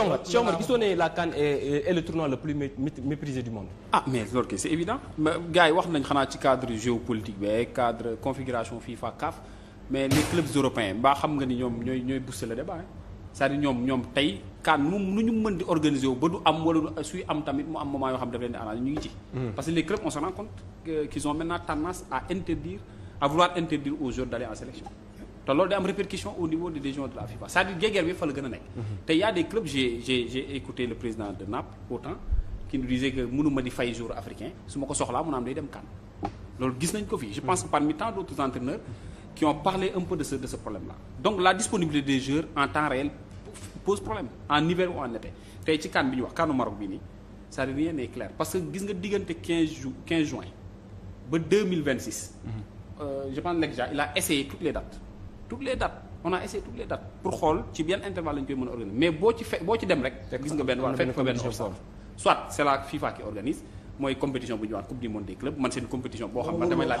Thiongor Thiongor gisoo ne la CAN est est le tournoi le plus du monde. ah mais loolu c'est évident gars wax nañ xanaa ci cadre géopolitique bi cadre configuration FIFA CAF mais les clubs européens mbaa xam nga ni ñoom ñooy ñooy booster le débat cest à ñoom ñoom tey CAN nu nu ñu mën di organiser wu ba du am wala suy am tamit mu am moment yoo xam daf leen di arranger ñu ngi ci. Hmm. parce que les clubs on se rend compte qu'ils ont maintenant tendance à interdire te loolu day am répercussion au niveau des régions de la FIFA cest dire Guéguerre bi fa la gën a nekk. te y a des clubs j'ai j'ai le président de Naples autant qui nous disait que mënuma di fay jour africain su ma ko soxlaa mu naan day dem kan loolu gis nañ ko fii je par que parmi tant d'autres entraîneurs qui ont parlé un peu de ce problème là donc la disponibilité des joueurs en temps réel pose problème en hiver ou en tey ci kan bi ñu wax kanu Maroc bi nii parce que gis nga diggante 15 ju 15 juin ba 2026. Euh, je pense l'ex il toutes les dates on a essayé toutes les dates pour xool ci benn intervalle la koy mën a organiser mais boo ci fe boo ci dem rek. gis nga benn fekk fa benn obstacle soit c' FIFA qui organise mooy compétition bu ñu wax coupe du monde des man seen compétition boo xam ne damay laaj.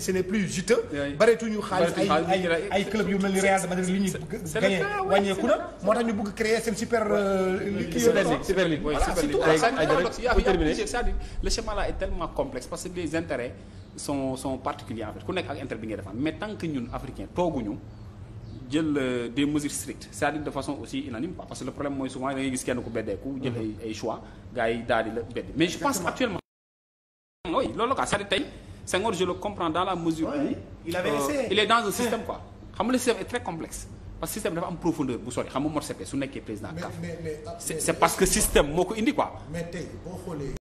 bi ce n'est plus juteux bareetuñu xaalis ay club yu li ñuy gagné wàññeeku moo tax ñu bëgg créer seen super euh, super league super league c'est-à-dire le schéma est tellement complexe parce que les intérêts sont sont particuliers en fait ku nekk ak intérêt bi ngay defaan mais tant ñun africain tooguñu jël euh, des mesures strictes cest de façon aussi unanime quoi parce que le problème mooy souvent da ngay gis kenn ku beddeeku jël ay mm-hmm. choix gars yi la bedde mais je pense Senghor je le comprends dans la mesure où il avait essayé euh, il est dans un système quoi xam nga le système est très complexe parce que système dafa am profondeur bu sori xam nga Mor Sepe su nekkee président CAF c'est parce que système moo ko indi quoi mais tey boo xoolee